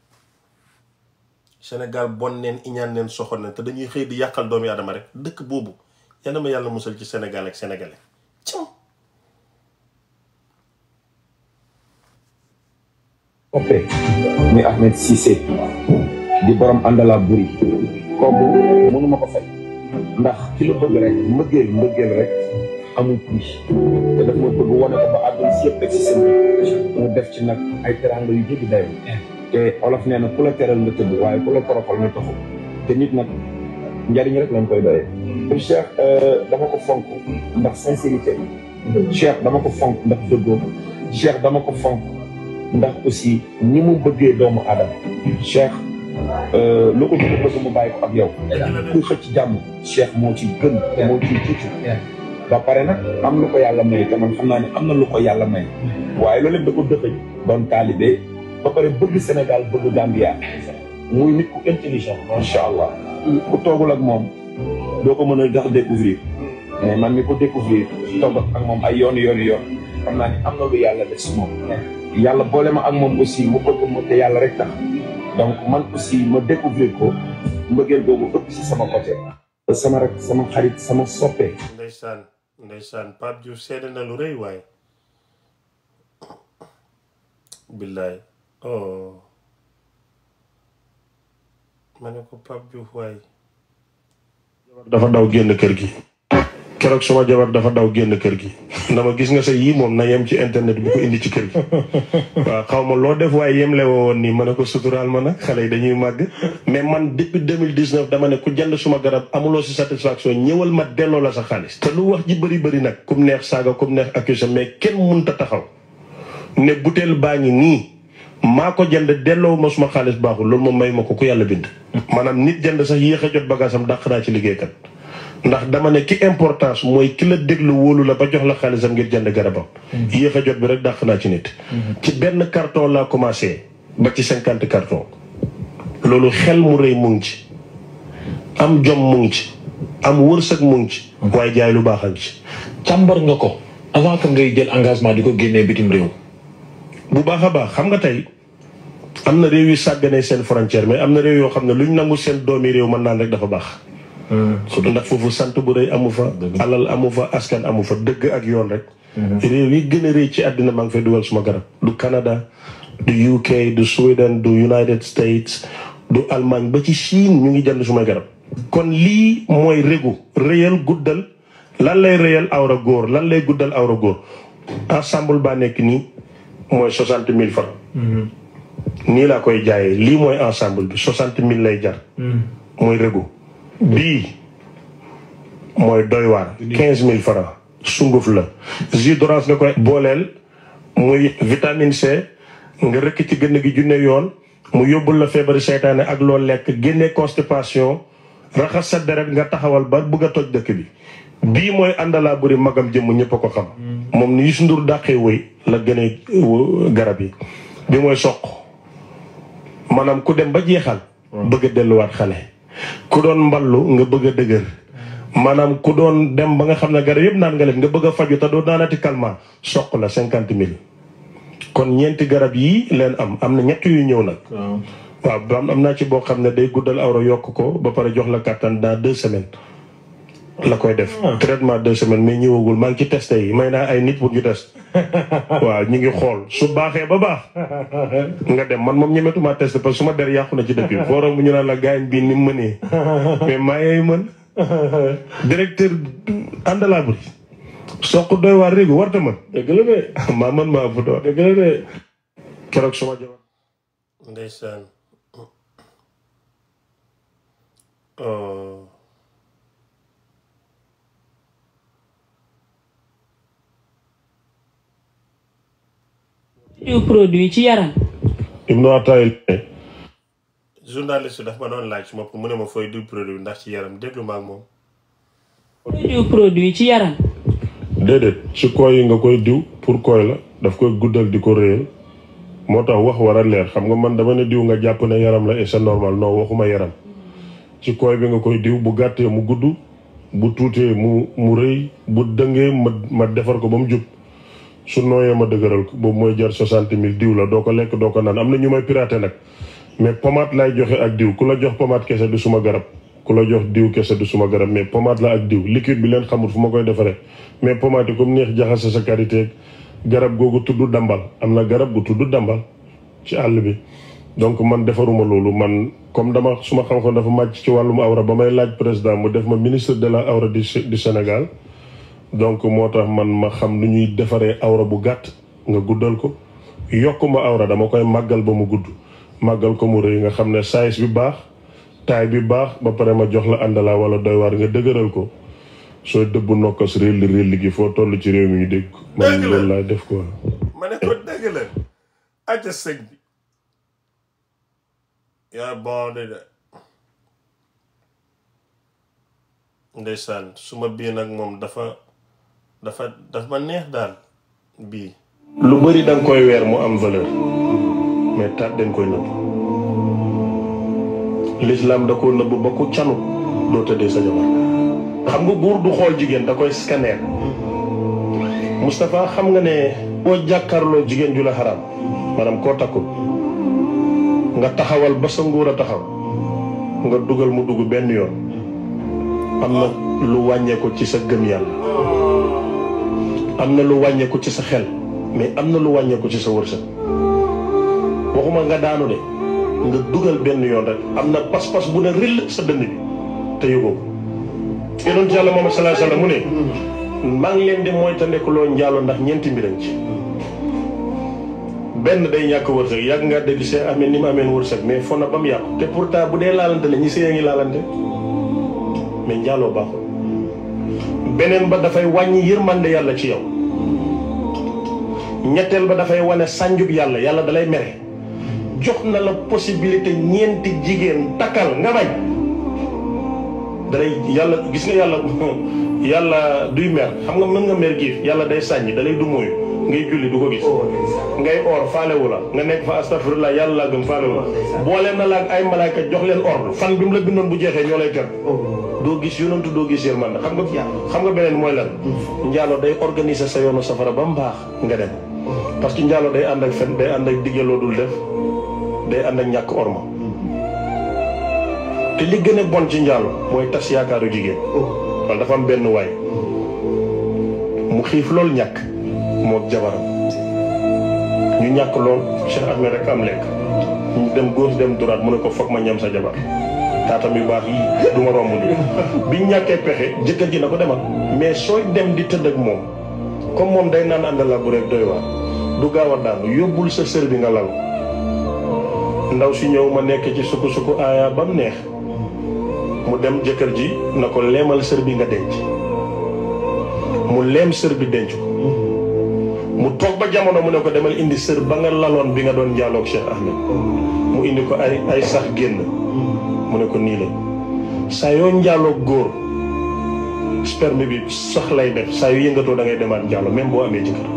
sénégal bon neen iñaan neen soxor neen te dañuy xëy di yàqal doomu aadama rek dëkk boobu yal na ma yàlla musal ci sénégal ak sénégalais
cam oppe muy Ahmed Cissé di borom àndalaa buri kooku mënuma ko fay ndax kilo la bëgg rek mbëggeel mbëggeel rek amul prix te daf ma bëgg wane ko ba àdduna si yëpp rek si seen mu def ci nag ay teranga yu jéggi dayoo te olof nee na ku la teral nga tëdd waaye ku la torofal nga taxu te nit nag njariñ rek lañ koy doyee te Cheikh euh, dama ko fonk ndax sincérité Cheikh dama ko fonk ndax dëggoo Cheikh dama ko fonk ndax aussi ni mu bëggee doomu aadama Cheikh Euh, loo ko gën a bëgg mu bàyyi ko ak yow. ku xëcc jàmm. Cheikh moo ci gën. moo ci jiitu. ba pare nag am lu ko yàlla may te man xam naa ne am na lu yàlla may. waaye loolu lépp da ko dëxëj. doon taalibe ba pare bëgg Sénégal bëgg Gambia. muy nit macha allah ku toogul moom. doo ko mën a tax découvrir mais man mi ko découvrir toog ak moom ay yoon yoon yoon xam naa ne am yàlla def si yàlla boole ma ak moom aussi mu bëgg ma te yàlla rek tax. donc man aussi ma découvrir ko mbëggeel boobu ëpp si sama côté sama rek sama xarit sama soppe
ndeysaan ndeysaan Pape Diouf seede na lu rëy waaye billaay oh ma ne ko Pape Diouf waaye dafa daw génn kër gi keroog sama jabar dafa daw génn kër gi dama gis nga sa yii moom na yem ci internet bu ko indi ci kër gi waaw xaw ma loo def waaye yem le woon nii ma ne ko suturaal ma nag xale yi dañuy màgg mais man depuis 2019 dama ne ku jënd suma garab amuloo si satisfaction ñëwal ma delloo la sa xaalis te lu wax ji bëri bëri nag kum neex saaga kum neex accusé mais kenn munta taxaw ne butéel baa ngi nii maa ko jënd delloo ma suma xaalis baaxul loolu moom may ma ko ku yàlla bind maanaam nit jënd sax yéex jot bagaasam dàq naa ci liggéeykat ndax dama ne ki importance mooy ki la déglu wóolu la ba jox la xaalisam ngir jënd garabam. Mhm. yéex a jot bi rek dàq naa ci nit. Mhm. ci benn carton laa commencé ba ci cinquante carton. loolu xel mu rëy mu ci am jom mu ci am wërsëg mu ngi ci. Mhm. waaye jaay lu baax a ngi ci. càmbar nga ko avant que ngay jël engagement di ko génnee bitim réew. bu baax a baax xam nga tey. am na réew yu sàgganee seen frontière mais am na réew yoo xam ne luñ nangu seen doomi réew mën naan rek dafa baax. surtout ndax foofu sant bu rëy amu fa alal amu fa askan amu fa dëgg ak yoon rek réew yi ci àddina maa ngi fay dugal suma garab du Canada du UK du Sweden du United States du Allemagne ba ci Chine ñu ngi jënd sumay garab kon lii mooy régu réyal guddal lan lay réyal awra góor lan lay guddal awra góor ensemble baa nekk nii mooy soixante mille francs mhm. nii laa koy jaayee lii mooy ensemble bi soixante mille lay jar mhm. mooy régu bii mooy doy waar quinze mille francs sunguf la jus d'orange nga koy booleel muy vitamine C nga rëkk ci gën gi junne yoon mu yóbbul la feebaru seytaane ak loo lekk génne constipation raxas sa deret nga taxawal ba bëgg a toj dëkk bi bii mooy àndalaa buri magam jëmm ñépp a ko xam hmm. moom ni Youssou Ndour dàqee wëy la gënee garab yi bi mooy soq maanaam ku dem ba jeexal hmm. bëgg a delluwaat xale ku doon mballu nga bëgg a dëgër maanaam ku doon dem ba nga xam ne garab yëpp naan nga leen nga bëgg a faju te doo naanati calmant soq la cinquante mille kon ñeenti garab yii leen am am na ñett yu ñëw nag waaw am naa ci boo xam ne day guddal awra yokk ko ba pare jox la kàttan dans deux semaines la koy def ah. traitement deux semaines mais ñëwagul maa ngi ci testé yi may naa ay nit pour ñu test waaw ñu ngi xool su baaxee ba baax nga dem man moom ñemetuma testé parce que su ma der yàqu na ci dëkk bi forom bu ñu naan la gaañ bii ni mu mënee mais maa yey mën directeur àndalaabri soq doy waar réegu warta mën maa mën maa fu doo keroog suma yu
produit ci yaram.
Ibn Ata'illah ne. daf ma doon laaj su ma mu ne ma fooy diw produit ndax ci yaram ma ak moom.
fooy ci yaram.
déedéet ci kooy yi nga koy diw pour kooy la daf koy guddal di ko réyal moo tax wax war a leer xam nga man dama ne diw nga jàpp ne yaram la et c'est noo non waxuma yaram ci kooy bi nga koy diw bu gàttee mu gudd bu tuutee mu mu rëy bu dëngee ma ma defar ko ba mu jub. su nooyee ma dëgëral ko boobu mooy jar soixante mille diw la doo ko lekk doo ko naan am na ñu may piraté nag mais pommade lay joxe ak diw ku la jox pommade kese du suma garab ku la jox diw kese du suma garab mais pommade la ak diw liquide bi leen xamul fu ma koy defaree mais pommade yi comme neex jaxase sa karité garab googu tudd dambal am na garab gu tudd dambal ci àll bi donc man defaruma loolu man comme dama suma xam-xam dafa màcc ci wàllum awra ba may laaj président mu def ma ministre de la awra du Sénégal donc moo tax man ma xam nu ñuy defaree awra bu gàtt nga guddal ko yokk ma awra dama koy màggal ba mu gudd màggal ko mu rëy nga xam ne size bi baax taay bi baax ba pare ma jox la àndalaa wala doy waar nga dëgëral ko soo dëbb nokkas réel li réel gi foo toll ci réew mi ñu dégg man loolu def quoi ma ne bi yaa bon de de ndeysaan suma nag moom dafa dafa dafa ma neex daal bii. lu bari da koy weer mu am valeur mais taat dañ koy nëbb. l'islam da koo nëbb ba ku canu doo tëddee sa jabar. xam nga buur du xool jigéen da koy scanner. Moustapha xam nga ne boo jàkkarloo jigéen ju la xaraam maanaam koo takkul nga taxawal ba sa nguur a taxaw nga dugal mu dugg benn yoon am na lu wàññee ko ci sa gëm yàlla. am na lu wàññeeku ci sa xel mais am na lu wàññeeku ci sa wërsëg waxuma nga daanu de nga dugal benn yoon rek am na pas-pas bu ne rill sa dënd bi te yëgoo ko yonent yàlla mu ne maa ngi leen di mooy te ndekkuloo njaalo ndax ñeenti mbirañ ci benn day ñàkk wërsëg yàgg nga dégg see amee ni mu ameen wërsëg mais fo na ba mu yàqu te pourtant bu dee laalante la ñi see ngi laalante mais njaaloo baaxul beneen ba dafay wàññi yërmande yàlla ci yow ñetteel ba dafay wane sànjub yàlla yàlla dalay mere jox na la possibilité ñeenti jigéen takkal nga bañ dalay yàlla gis nga yàlla yàlla duy mer xam nga mën nga mer giif yàlla day sànni dalay du ngay julli du ko gis oh, ngay or faalewu la nga nekk fa astafirullah yàlla laa gëm faalewu la oh, boole na la ak ay malaaka jox leen ordre fan bi mu la bindoon bu jeexee ñoo lay kër doo gis yonantu doo gis yërmande xam na xam nga beneen mooy lan. njaaloo day organiser sa yoonu safara ba mu baax nga dem. parce que njaaloo day ànd ak fen day ànd ak diggaloo dul def day ànd ak ñàkk orma. te li gën a bon ci njaaloo mooy tas yaakaaru jigéen. man dafa am benn waay. mu xiif loolu ñàkk moog jabaram ñu ñàkk lool Cheikh Ahmed rek am lekk. ñu dem góor dem duraat mu ne ko foog ma ñam sa jabar. taatam yu baax yi du ma romb nii biñ ñàkkee pexe jëkkër ji na ko demal mais sooy dem di tëdd ak moom comme moom day naan àndala bu rek doy waar du gaaw a daanu yóbbul sa sër bi nga lal ndaw si ñëw ma nekk ci sukku sukku aaya ba mu neex mu dem jëkkër ji na ko leemal sër bi nga denc mu leem sër bi denc ko mu toog ba jamono mu ne ko demal indi sër ba nga laloon bi nga doon njaaloog Cheikh Ahmed mu indi ko ay ay sax génn mu ne ko nii la saa yoo njaaloo góor sperme bi sax lay def saa yu yëngatoo da ngay demaat njaalo même boo amee jëkkër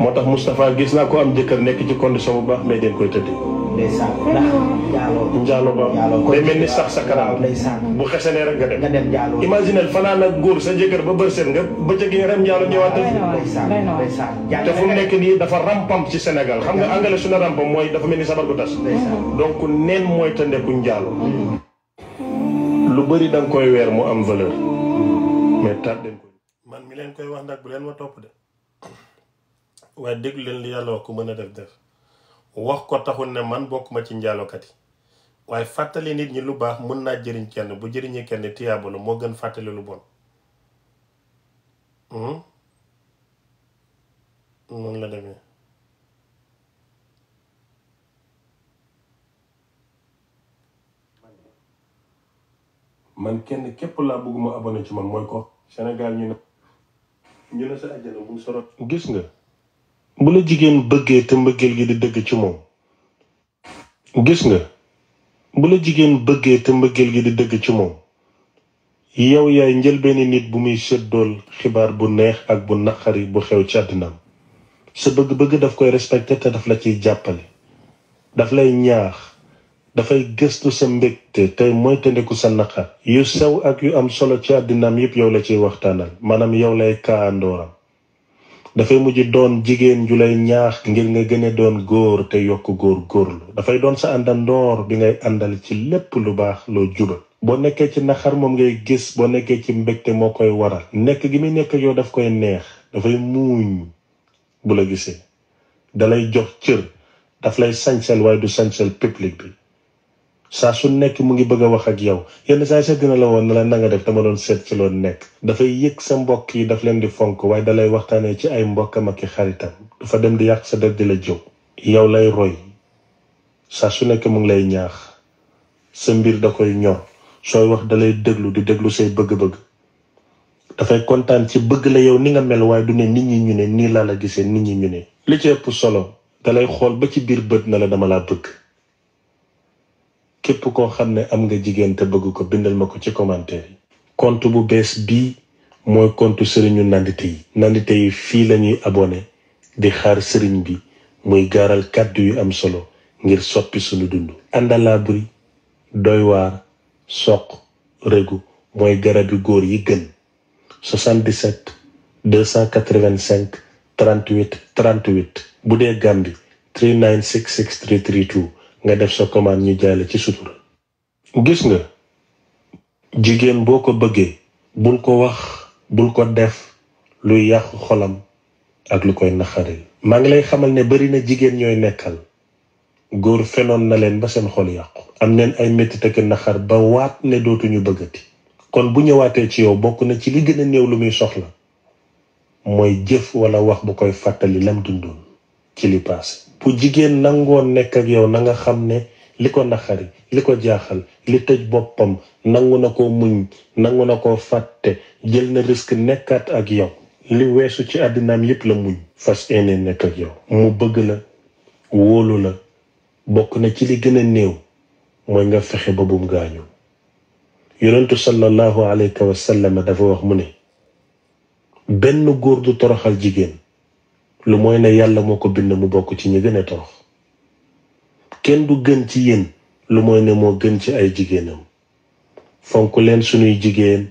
moo tax Moustapha gis naa ko am jëkkër nekk ci condition bu baax mais den koy tëddi ndeysaan ndax njaaloo njaaloo ba day mel ni sax sa kanam bu xesenee rek nga dem nga dem njaaloo imaginel fanaan ak góor sa jëkkër ba bër seen nga bëccëg nga dem njaaloo ñëwaat te fu mu nekk nii dafa rampam ci Sénégal xam nga angale su ne rampam mooy dafa mel ni sabar bu tas donc neen mooy te ndeku njaaloo mm. lu bëri da koy weer mu am valeur mais taat den koy man mi leen koy wax nag bu leen ma topp de waaye déglu leen li yàlla wax ku mën a def def wax ko taxul ne man bokkuma ci njaalokat yi waaye fàttali nit ñi lu baax mën naa jëriñ kenn bu jëriñee kenn tiyaaba moo gën fàttali lu bon hmm? noonu la demee man kenn képp laa bëgguma abonné ci man mooy ko Sénégal ñu ne ñu ne sa àjjana bu sorot gis nga bu la jigéen bëggee te mbëggeel gi di dëgg ci moom gis nga bu la jigéen bëggee te mbëggeel gi di dëgg ci moom yow yaay njëlbeeni nit bu muy séddool xibaar bu neex ak bu naqari bu xew ci àddinaam sa bëgg-bëgg daf koy respecté te daf la ciy jàppale daf lay ñaax dafay gëstu sa mbégte tey moytandiku sa naqar yu sew ak yu am solo ci àddinaam yépp yow la ciy waxtaanal maanaam yow lay kaandooram dafay mujj doon jigéen ju lay ñaax ngir nga gën a doon góor te yokk góor góorlu dafay doon sa àndandoor bi ngay àndal ci lépp lu baax loo jubal boo nekkee ci xar moom ngay gis boo nekkee ci mbégte moo koy waral nekk gi muy nekk yow daf koy neex dafay muuñ bu la gisee dalay jox cër daf lay sañsel waaye du sañsel public bi saa su nekk mu ngi bëgg a wax ak yow yenn saa sa gën la woon na la nanga def dama doon seet ci loolu nekk dafay yëg sa mbokk yi daf leen di fonk waaye dalay waxtaanee ci ay mbokkam ak i dem di yàq sa di la jëw yow lay roy saa su nekk mu ngi lay ñaax sa mbir da koy ñor sooy wax dalay déglu di déglu say bëgg-bëgg dafay kontaan ci bëgg la yow ni nga mel waaye du ne nit ñi ñu ne nii laa la gisee nit ñi ñu ne li ci solo dalay xool ba ci biir bët na la dama laa bëgg képp koo xam ne am nga jigéen te bëgg ko bindal ma ko ci commentaire yi compte bu bees bii mooy compte sëriñu nandite yi nandite yi fii lañuy abonné di xaar sëriñ bi muy gaaral kàddu yu am solo ngir soppi suñu dund àndalaaburi doy waar soq regu mooy garab yu góor yi gën 77 285 38 38 bu dee Gambie 3966332 nga def sa commande ñu jaay la ci sutura gis nga jigéen boo ko bëggee bul ko wax bul ko def luy yàqu xolam ak lu koy naxaril maa ngi lay xamal ne bari na jigéen ñooy nekkal góor fenoon na leen ba seen xol yàqu am neen ay mettit ak naxar ba waat ne dootuñu bëggati kon bu ñëwaatee ci yow bokk na ci li gën néew lu muy soxla mooy jëf walla wax bu koy fàttali lam dundoon ci li paase bu jigéen nangoon nekk ak yow nanga xam ne li ko naqari li ko jaaxal li tëj boppam nangu na ko muñ nangu na ko fàtte jël na risque nekkaat ak yow li weesu ci àddinaam yépp la muñ fas ene nekk ak yow mu bëgg la wóolu la bokk na ci li gën a néew mooy nga fexe ba bum gaañu yonentu sallallahu alayhi wa dafa wax mu ne benn góor du toroxal jigéen lu mooy ne yàlla moo ko bind mu bokk ci ñi gën a torox kenn du gën ci yéen lu mooy ne moo gën ci ay jigéenam fonk leen sunuy jigéen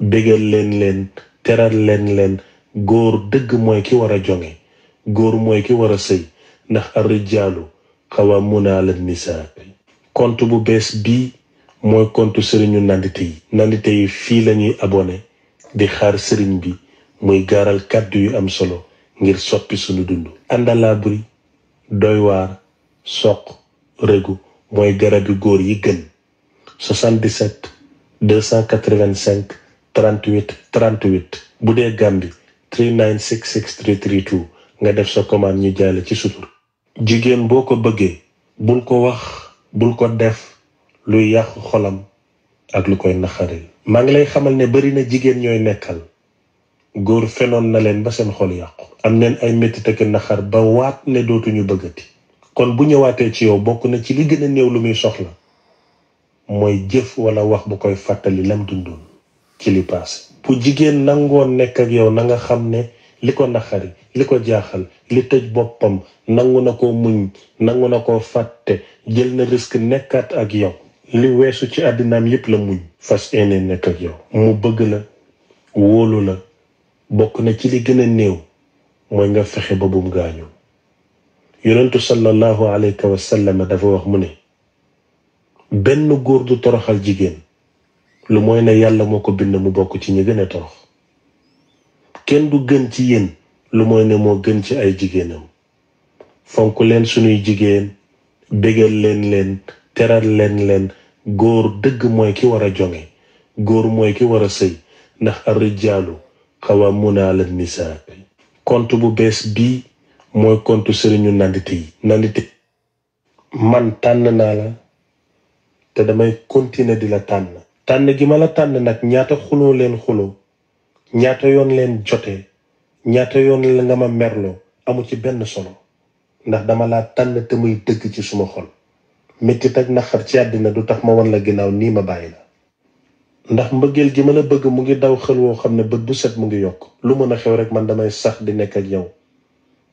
bégal leen leen teral leen leen góor dëgg mooy ki war a jonge góor mooy ki war a sëy ndax arrijaalu qawwaamuuna ala nisaa kont bu bees bii mooy compte sëriñu nandite yi nandite yi fii lañuy abonné di xaar sëriñ bi muy gaaral kàddu yu am solo ngir soppi sunu dund àndalaa buri doy waar soq rëgu mooy garabi góor yi gën 77 285 38 38 bu dee Gàmbi 3966332 nga def sa commande ñu jaay ci sutur jigéen boo ko bëggee bul ko wax bul ko def luy yàq xolam ak lu koy naxaril maa ngi lay xamal ne bari na jigéen ñooy nekkal góor fenoon na leen ba seen xol yàqu am neen ay métti ak naxar ba waat ne dootuñu bëggati kon bu ñëwaatee ci yow bokk na ci li gën a néew lu muy soxla mooy jëf wala wax bu koy fàttali lam dundoon ci li paase bu jigéen nangoon nekk ak yow na nga xam ne li ko naxari li ko jaaxal li tëj boppam nangu na ko muñ nangu na ko fàtte jël na risque nekkaat ak yow li weesu ci àddinaam yëpp la muñ fas yéene nekk ak yow mu bëgg la wóolu la bokk na ci li gën a néew mooy nga fexe ba bum gaañu yonentu sallallahu alayhi wa sallam dafa wax mu ne benn góor du toroxal jigéen lu mooy ne yàlla moo ko bind mu bokk ci ñi gën a torox kenn du gën ci yéen lu mooy ne moo gën ci ay jigéenam fonk leen sunuy jigéen bégal leen leen teral leen leen góor dëgg mooy ki war a jonge góor mooy ki war a sëy ndax ar rijaalu qawwaamuuna ala nisaa compte bu bees bii mooy compte sëriñu nandite yi nandite man tànn naa la te damay continuer di la tànn tànn gi ma la tànn nag ñaata xuloo leen xuloo ñaata yoon leen jote ñaata yoon la nga ma merloo amu ci benn solo ndax dama laa tànn te muy dëgg ci suma xol méttit ak naqar ci àddina du tax ma wan la ginnaaw nii ma bàyyi la ndax mbëggeel gi mën a bëgg mu ngi daw xel woo xam ne bët bu set mu ngi yokk lu mën a xew rek man damay sax di nekk ak yow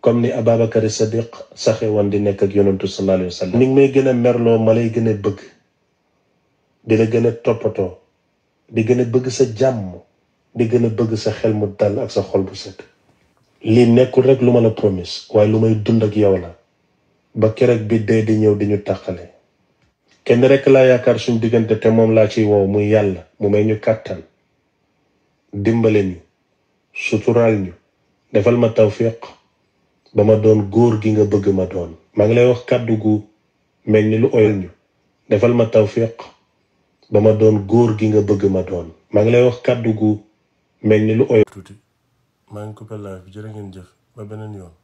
comme ni Ababacar Sadiq saxe woon di nekk ak yonentu sallallahu alayhi wa sallam ni ngi may gën a merloo ma lay gën a bëgg di la gën a toppatoo di gën a bëgg sa jàmm di gën a bëgg sa xel mu dal ak sa xol bu set lii nekkul rek lu ma la promise waaye lu may dund ak yow la ba keroog bi dee di ñëw di ñu taqale kenn rek laa yaakaar suñu diggante te moom laa ci wow muy yàlla mu may ñu kàttan dimbale ñu suturaal ñu defal ma tawfiq ba ma doon góor gi nga bëgg ma doon maa ngi lay wax kàddu gu mel ni lu oyal ñu defal ma tawfiq ba ma doon góor gi nga bëgg ma maa ngi lay wax kàddu gu mel ni lu oyal tuuti maa ngi coupé live bi jërë ngeen yoon